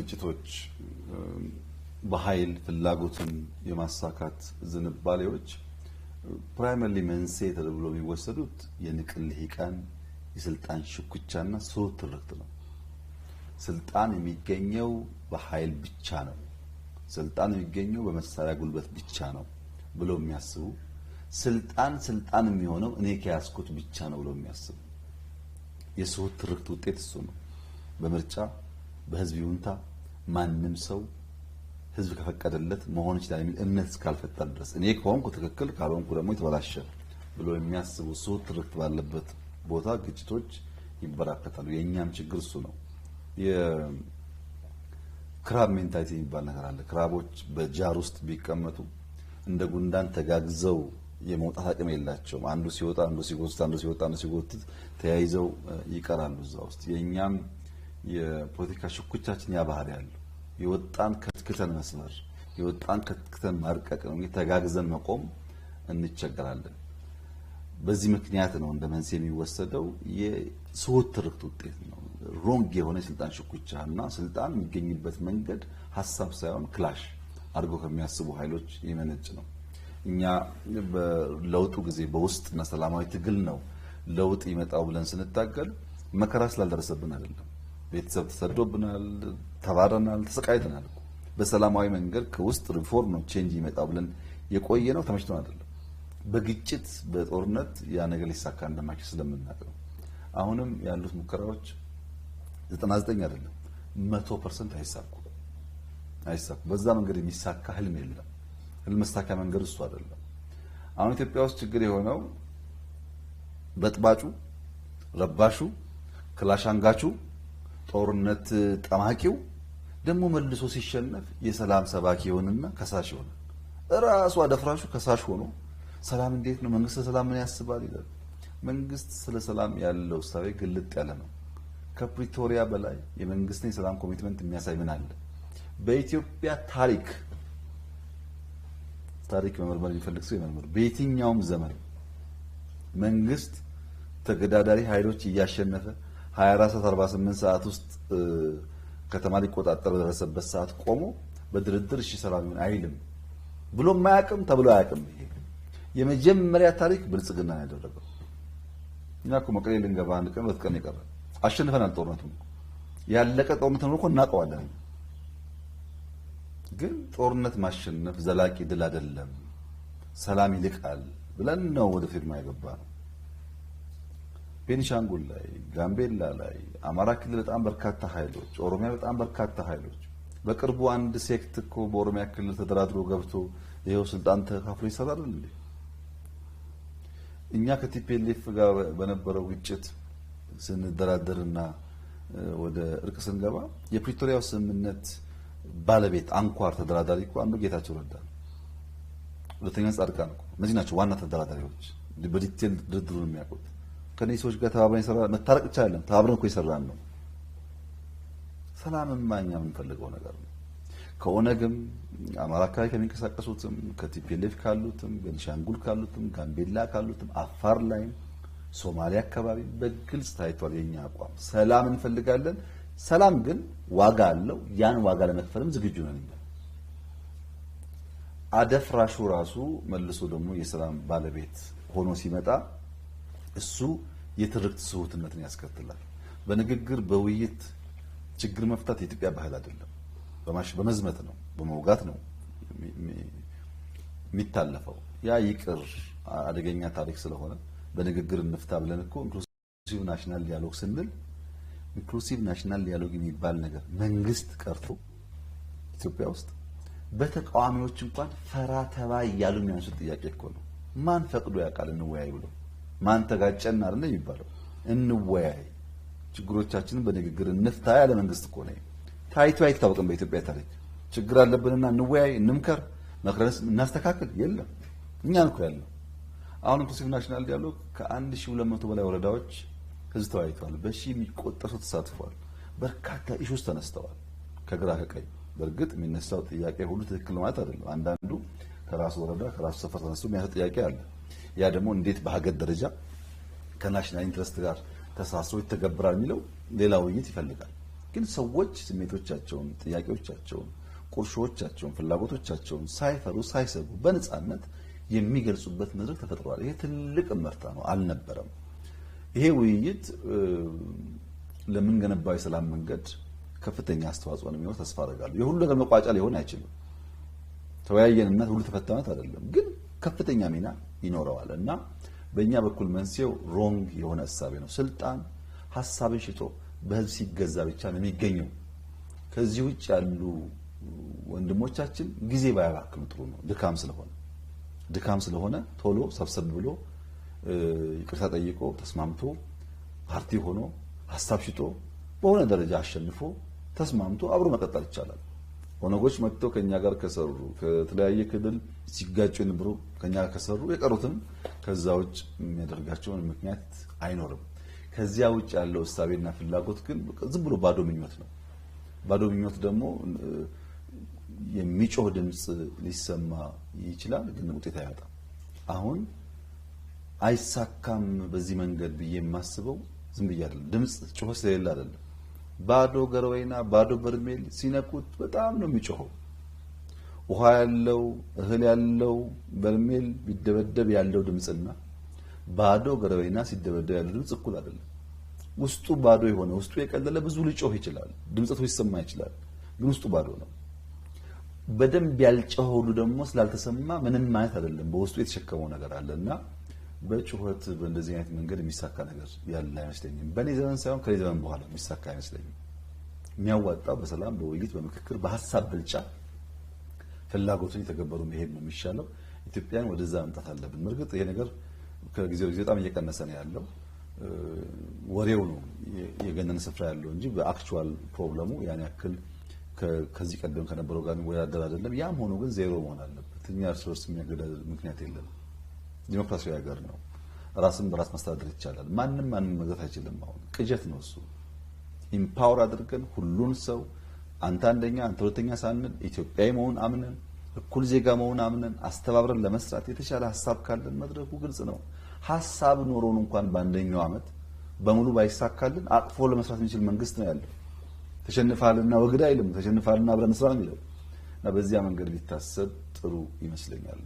ግጭቶች፣ በኃይል ፍላጎትን የማሳካት ዝንባሌዎች ፕራይመሪ መንስኤ ተደብሎ የሚወሰዱት የንቅል ልሂቃን የስልጣን ሽኩቻና ስሁት ትርክት ነው። ስልጣን የሚገኘው በኃይል ብቻ ነው፣ ስልጣን የሚገኘው በመሳሪያ ጉልበት ብቻ ነው ብለው የሚያስቡ ስልጣን ስልጣን የሚሆነው እኔ ከያዝኩት ብቻ ነው ብሎ የሚያስቡ የስሁት ትርክት ውጤት እሱ ነው። በምርጫ በህዝብ ይሁንታ ማንም ሰው ህዝብ ከፈቀደለት መሆን ይችላል የሚል እምነት እስካልፈጠር ድረስ እኔ ከሆንኩ ትክክል ካልሆንኩ ደግሞ የተበላሸ ብሎ የሚያስቡ ሱት ትርክት ባለበት ቦታ ግጭቶች ይበራከታሉ። የእኛም ችግር እሱ ነው። የክራብ ሜንታሊቲ የሚባል ነገር አለ። ክራቦች በጃር ውስጥ ቢቀመጡ እንደ ጉንዳን ተጋግዘው የመውጣት አቅም የላቸውም። አንዱ ሲወጣ አንዱ ሲጎትት፣ አንዱ ሲወጣ አንዱ ሲጎትት ተያይዘው ይቀራሉ እዛ ውስጥ። የእኛም የፖለቲካ ሽኩቻችን ያ ባህሪ ያለው የወጣን ከትክተን መስመር የወጣን ከትክተን ማርቀቅ ነው። ተጋግዘን መቆም እንቸገራለን። በዚህ ምክንያት ነው እንደ መንስኤ የሚወሰደው የስሁት ትርክት ውጤት ነው። ሮንግ የሆነ የስልጣን ሽኩቻ እና ስልጣን የሚገኝበት መንገድ ሀሳብ ሳይሆን ክላሽ አድርጎ ከሚያስቡ ኃይሎች የመነጭ ነው። እኛ በለውጡ ጊዜ በውስጥ ሰላማዊ ትግል ነው ለውጥ ይመጣው ብለን ስንታገል መከራ ስላልደረሰብን አይደለም። ቤተሰብ ተሰዶብናል፣ ተባረናል፣ ተሰቃይተናል። በሰላማዊ መንገድ ከውስጥ ሪፎርም ነው ቼንጅ ይመጣው ብለን የቆየ ነው። ተመችቶን አይደለም። በግጭት በጦርነት ያ ነገር ሊሳካ እንደማይችል ስለምናውቀው አሁንም ያሉት ሙከራዎች 99 አይደለም መቶ ፐርሰንት አይሳኩ አይሳኩ። በዛ መንገድ የሚሳካ ህልም የለም። ህልም መሳካ መንገድ እሱ አይደለም። አሁን ኢትዮጵያ ውስጥ ችግር የሆነው በጥባጩ፣ ረባሹ፣ ክላሽ አንጋቹ ጦርነት ጠማቂው ደግሞ መልሶ ሲሸነፍ የሰላም ሰባኪ ይሆንና ከሳሽ ይሆናል። እራሱ አደፍራሹ ከሳሽ ሆኖ ሰላም እንዴት ነው መንግስት ሰላም ምን ያስባል ይላል። መንግስት ስለ ሰላም ያለው እሳቤ ግልጥ ያለ ነው። ከፕሪቶሪያ በላይ የመንግስትን የሰላም ኮሚትመንት የሚያሳይ ምን አለ? በኢትዮጵያ ታሪክ ታሪክ መመርመር የሚፈልግ ሰው ይመርምር። በየትኛውም ዘመን መንግስት ተገዳዳሪ ኃይሎች እያሸነፈ 24 ሰዓት 48 ሰዓት ውስጥ ከተማ ሊቆጣጠር በደረሰበት ሰዓት ቆሞ በድርድር እሺ ሰላም ይሁን አይልም ብሎ ማያቅም ተብሎ አያቅም። ይሄ የመጀመሪያ ታሪክ ብልጽግና ያደረገው እኛ እኮ መቀሌ ልንገባ አንድ ቀን ሁለት ቀን የቀረ አሸንፈናል። ጦርነቱ ያለቀ ጦርነት ነው እኮ እናውቀዋለን። ግን ጦርነት ማሸነፍ ዘላቂ ድል አይደለም፣ ሰላም ይልቃል ብለን ነው ወደ ፊርማ የገባ ነው። ቤኒሻንጉል ላይ፣ ጋምቤላ ላይ፣ አማራ ክልል በጣም በርካታ ኃይሎች፣ ኦሮሚያ በጣም በርካታ ኃይሎች። በቅርቡ አንድ ሴክት እኮ በኦሮሚያ ክልል ተደራድሮ ገብቶ ይኸው ስልጣን ተካፍሎ ይሰራል እንዴ? እኛ ከቲፒኤልኤፍ ጋር በነበረው ግጭት ስንደራደርና ወደ እርቅ ስንገባ የፕሪቶሪያው ስምምነት ባለቤት አንኳር ተደራዳሪ እኮ አንዱ ጌታቸው ረዳ ነው። ሁለተኛ ጻድቃን እኮ እነዚህ ናቸው ዋና ተደራዳሪዎች፣ በዲቴል ድርድሩን የሚያውቁት። ከነዚህ ሰዎች ጋር ተባብረን ይሰራ መታረቅ ብቻ አይደለም፣ ተባብረን እኮ ይሰራን ነው። ሰላም እኛ የምንፈልገው ነገር ነው። ከኦነግም አማራ አካባቢ ከሚንቀሳቀሱትም ከቲፒኤልኤፍ ካሉትም ቤኒሻንጉል ካሉትም ጋምቤላ ካሉትም አፋር ላይም ሶማሊያ አካባቢ በግልጽ ታይቷል የኛ አቋም። ሰላም እንፈልጋለን። ሰላም ግን ዋጋ አለው። ያን ዋጋ ለመክፈልም ዝግጁ ነን። አደፍራሹ ራሱ መልሶ ደግሞ የሰላም ባለቤት ሆኖ ሲመጣ እሱ የትርክት ስሁትነትን ያስከትላል። በንግግር በውይይት ችግር መፍታት የኢትዮጵያ ባህል አይደለም። በማሽ በመዝመት ነው፣ በመውጋት ነው የሚታለፈው። ያ ይቅር አደገኛ ታሪክ ስለሆነ በንግግር እንፍታ ብለን እኮ ኢንክሉሲቭ ናሽናል ዲያሎግ ስንል ኢንክሉሲቭ ናሽናል ዲያሎግ የሚባል ነገር መንግስት ቀርቶ ኢትዮጵያ ውስጥ በተቃዋሚዎች እንኳን ፈራ ተባ እያሉ የሚያንሱት ጥያቄ እኮ ነው። ማን ፈቅዶ ያውቃል እንወያይ ብለው ማን ተጋጨን አይደለ የሚባለው። እንወያይ፣ ችግሮቻችንን በንግግር እንፍታ ያለ መንግስት እኮ ነው። ታይቶ አይታወቅም በኢትዮጵያ ታሪክ። ችግር አለብንና እንወያይ፣ እንምከር፣ መክረንስ እናስተካክል የለም። እኛ እኮ ያለው አሁን ኢንክሉሲቭ ናሽናል ዲያሎግ ከአንድ ሺህ ሁለት መቶ በላይ ወረዳዎች ህዝብ ተወያይተዋል። በሺ የሚቆጠሩ ተሳትፏል። በርካታ ኢሹስ ተነስተዋል ከግራ ከቀኝ። በእርግጥ የሚነሳው ጥያቄ ሁሉ ትክክል ማለት አይደለም። አንዳንዱ ከራሱ ወረዳ ከራሱ ሰፈር ተነስቶ የሚያሰጥ ጥያቄ አለ። ያ ደግሞ እንዴት በሀገር ደረጃ ከናሽናል ኢንትረስት ጋር ተሳስሮ ይተገብራል የሚለው ሌላ ውይይት ይፈልጋል። ግን ሰዎች ስሜቶቻቸውን፣ ጥያቄዎቻቸውን፣ ቁርሾዎቻቸውን፣ ፍላጎቶቻቸውን ሳይፈሩ ሳይሰጉ በነፃነት የሚገልጹበት መድረክ ተፈጥሯል። ይሄ ትልቅ እመርታ ነው፣ አልነበረም። ይሄ ውይይት ለምንገነባው የሰላም መንገድ ከፍተኛ አስተዋጽኦ ነው የሚኖር ተስፋ አደርጋለሁ። የሁሉ ነገር መቋጫ ሊሆን አይችልም። ተወያየንነት ሁሉ ተፈታነት አይደለም፣ ግን ከፍተኛ ሚና ይኖረዋል እና በእኛ በኩል መንስኤው ሮንግ የሆነ እሳቤ ነው። ስልጣን ሀሳብን ሽጦ በህዝብ ሲገዛ ብቻ ነው የሚገኘው። ከዚህ ውጭ ያሉ ወንድሞቻችን ጊዜ ባያባክኑ ጥሩ ነው። ድካም ስለሆነ ድካም ስለሆነ ቶሎ ሰብሰብ ብሎ ይቅርታ ጠይቆ ተስማምቶ ፓርቲ ሆኖ ሀሳብ ሽጦ በሆነ ደረጃ አሸንፎ ተስማምቶ አብሮ መቀጠል ይቻላል። ኦነጎች መጥቶ ከኛ ጋር ከሰሩ ከተለያየ ክልል ሲጋጩ የነበሩ ከኛ ጋር ከሰሩ የቀሩትም ከዛ ውጭ የሚያደርጋቸውን ምክንያት አይኖርም። ከዚያ ውጭ ያለው እሳቤና ፍላጎት ግን ዝም ብሎ ባዶ ምኞት ነው። ባዶ ምኞት ደግሞ የሚጮህ ድምፅ ሊሰማ ይችላል፣ ግን ውጤት አያወጣም። አሁን አይሳካም በዚህ መንገድ ብዬ የማስበው ዝም ብዬ አይደለም፣ ድምፅ ጮህ ስለሌለ አይደለም። ባዶ ገረወይና ባዶ በርሜል ሲነኩት በጣም ነው የሚጮኸው። ውሃ ያለው እህል ያለው በርሜል ቢደበደብ ያለው ድምፅና ባዶ ገርበይና ሲደበደብ ያለው ድምፅ እኩል አይደለም። ውስጡ ባዶ የሆነ ውስጡ የቀለለ ብዙ ሊጮህ ይችላል፣ ድምፀቱ ሊሰማ ይችላል፣ ግን ውስጡ ባዶ ነው። በደንብ ያልጮኸው ሁሉ ደግሞ ስላልተሰማ ምንም ማለት አይደለም። በውስጡ የተሸከመው ነገር አለና በጩኸት በእንደዚህ አይነት መንገድ የሚሳካ ነገር ያለ አይመስለኝም። በእኔ ዘመን ሳይሆን ከኔ ዘመን በኋላ የሚሳካ አይመስለኝም። የሚያዋጣው በሰላም በውይይት በምክክር በሀሳብ ብልጫ ፍላጎቱን የተገበሩ መሄድ ነው የሚሻለው። ኢትዮጵያን ወደዛ መምጣት አለብን። እርግጥ ይሄ ነገር ከጊዜ ጊዜ በጣም እየቀነሰ ነው ያለው። ወሬው ነው የገነን ስፍራ ያለው እንጂ በአክቹዋል ፕሮብለሙ ያን ያክል ከዚህ ቀደም ከነበረው ጋር ወዳደር አይደለም። ያም ሆኖ ግን ዜሮ መሆን አለበት። እኛ እርስ በርስ ምክንያት የለም። ዲሞክራሲያዊ ሀገር ነው። ራስን በራስ ማስተዳደር ይቻላል። ማንም ማንም መግዛት አይችልም። አሁን ቅጀት ነው እሱ። ኢምፓወር አድርገን ሁሉን ሰው አንተ አንደኛ አንተ ሁለተኛ ሳንል ኢትዮጵያዊ መሆን አምነን እኩል ዜጋ መሆን አምነን አስተባብረን ለመስራት የተሻለ ሀሳብ ካለን መድረኩ ግልጽ ነው። ሀሳብ ኖሮን እንኳን በአንደኛው ዓመት በሙሉ ባይሳካልን አቅፎ ለመስራት የሚችል መንግስት ነው ያለው። ተሸንፋልና ወግድ አይልም። ተሸንፋልና አብረን ስራ ነው የሚለው እና በዚያ መንገድ ቢታሰብ ጥሩ ይመስለኛል።